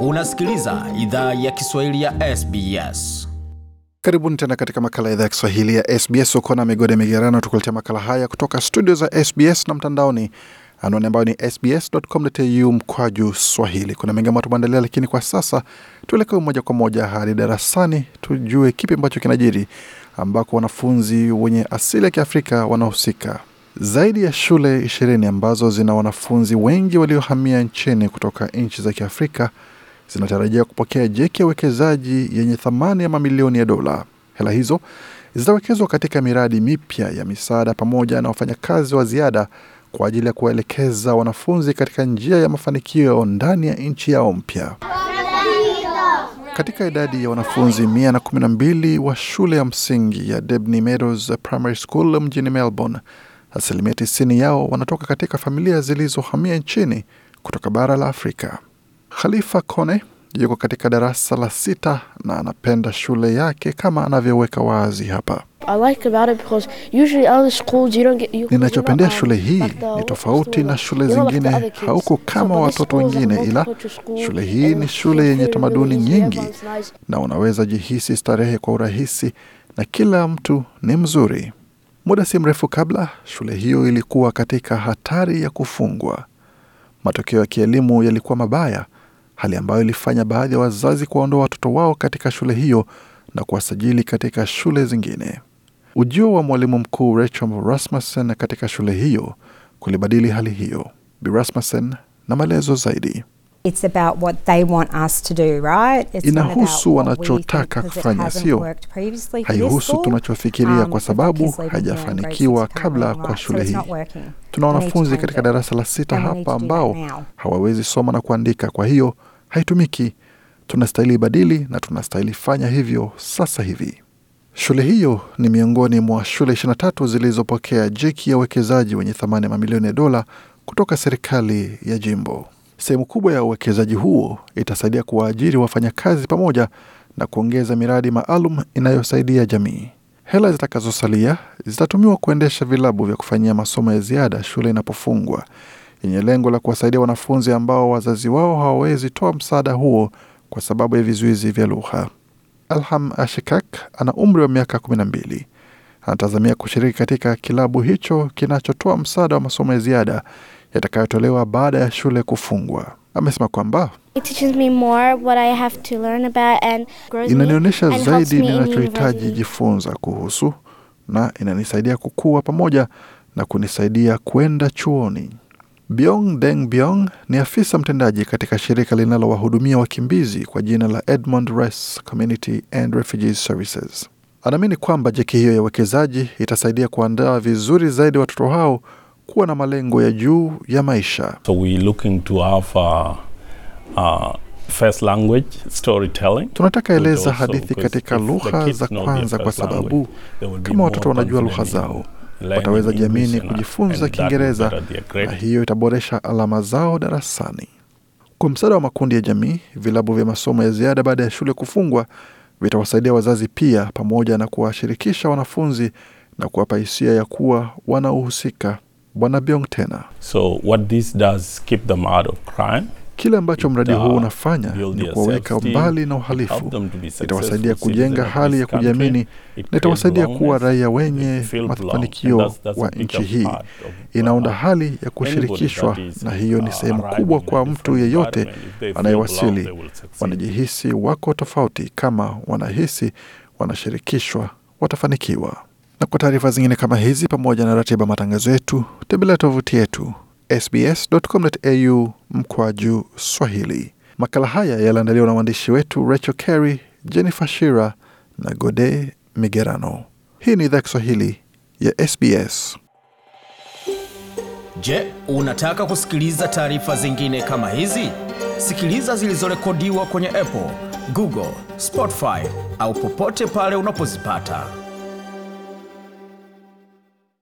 Unasikiliza idhaa ya Kiswahili ya SBS. Karibuni tena katika makala ya idhaa ya Kiswahili ya SBS. Ukona migode migerano, tukuletea makala haya kutoka studio za SBS na mtandaoni, anwani ambayo ni sbs.com.au mkwaju swahili. Kuna mengi ambayo tumeandalia, lakini kwa sasa tuelekewe moja kwa moja hadi darasani tujue kipi ambacho kinajiri, ambako wanafunzi wenye asili ya kiafrika wanahusika zaidi ya shule ishirini ambazo zina wanafunzi wengi waliohamia nchini kutoka nchi za Kiafrika zinatarajia kupokea jeki ya uwekezaji yenye thamani ya mamilioni ya dola. Hela hizo zitawekezwa katika miradi mipya ya misaada pamoja na wafanyakazi wa ziada kwa ajili ya kuwaelekeza wanafunzi katika njia ya mafanikio ndani ya nchi yao mpya. Katika idadi ya wanafunzi 112 wa shule ya msingi ya Debney Meadows Primary School mjini Melbourne, asilimia 90 yao wanatoka katika familia zilizohamia nchini kutoka bara la Afrika. Khalifa Kone yuko katika darasa la sita na anapenda shule yake kama anavyoweka wazi hapa. ninachopendea shule hii ni tofauti na shule zingine, hauko kama watoto wengine, ila shule hii ni shule yenye tamaduni nyingi na unaweza jihisi starehe kwa urahisi na kila mtu ni mzuri. Muda si mrefu kabla, shule hiyo ilikuwa katika hatari ya kufungwa. Matokeo ya kielimu yalikuwa mabaya hali ambayo ilifanya baadhi ya wazazi kuwaondoa watoto wao katika shule hiyo na kuwasajili katika shule zingine. Ujio wa mwalimu mkuu Rachel Rasmussen katika shule hiyo kulibadili hali hiyo. Bi Rasmussen na maelezo zaidi. It's about what they want us to do, right? It's inahusu wanachotaka kufanya, sio haihusu tunachofikiria, um, kwa sababu hajafanikiwa kabla kwa shule hii. Tuna wanafunzi katika darasa la sita hapa ambao hawawezi soma na kuandika, kwa hiyo haitumiki. Tunastahili badili na tunastahili fanya hivyo sasa hivi. Shule hiyo ni miongoni mwa shule 23 zilizopokea jeki ya uwekezaji wenye thamani ya mamilioni ya dola kutoka serikali ya jimbo. Sehemu kubwa ya uwekezaji huo itasaidia kuwaajiri wafanyakazi pamoja na kuongeza miradi maalum inayosaidia jamii. Hela zitakazosalia zitatumiwa kuendesha vilabu vya kufanyia masomo ya ziada shule inapofungwa yenye lengo la kuwasaidia wanafunzi ambao wazazi wao hawawezi toa msaada huo kwa sababu ya vizuizi vya lugha. Alham Ashikak ana umri wa miaka mbili. Anatazamia kushiriki katika kilabu hicho kinachotoa msaada wa masomo ya ziada yatakayotolewa baada ya shule kufungwa. Amesema kwamba inanionyesha zaidi ninachohitaji jifunza kuhusu na inanisaidia kukua pamoja na kunisaidia kwenda chuoni. Byong Deng Byong ni afisa mtendaji katika shirika linalowahudumia wakimbizi kwa jina la Edmond Rice Community and Refugee Services. Anaamini kwamba jeki hiyo ya uwekezaji itasaidia kuandaa vizuri zaidi watoto hao kuwa na malengo ya juu ya maisha. So we looking to have uh, first language storytelling. Tunataka eleza hadithi katika lugha za kwanza, kwa sababu kama watoto wanajua lugha zao wataweza jiamini kujifunza Kiingereza na hiyo itaboresha alama zao darasani. Kwa msaada wa makundi ya jamii, vilabu vya masomo ya ziada baada ya shule kufungwa vitawasaidia wazazi pia, pamoja na kuwashirikisha wanafunzi na kuwapa hisia ya kuwa wanaohusika Bwana Byong tena, so what this does keep them out of crime Kile ambacho mradi huu ah, unafanya ni kuwaweka mbali na uhalifu, itawasaidia kujenga hali ya kujiamini na itawasaidia kuwa raia wenye mafanikio wa nchi hii. Inaunda hali ya kushirikishwa, na hiyo ni uh, sehemu kubwa kwa mtu yeyote anayewasili. Wanajihisi wako tofauti, kama wanahisi wanashirikishwa, watafanikiwa. Na kwa taarifa zingine kama hizi, pamoja na ratiba matangazo yetu, tembelea tovuti yetu sbs.com.au mkwaju Swahili. Makala haya yaliandaliwa na waandishi wetu Rachel Carey, Jennifer Shira na Gode Migerano. Hii ni idhaa Kiswahili ya SBS. Je, unataka kusikiliza taarifa zingine kama hizi? Sikiliza zilizorekodiwa kwenye Apple, Google, Spotify au popote pale unapozipata.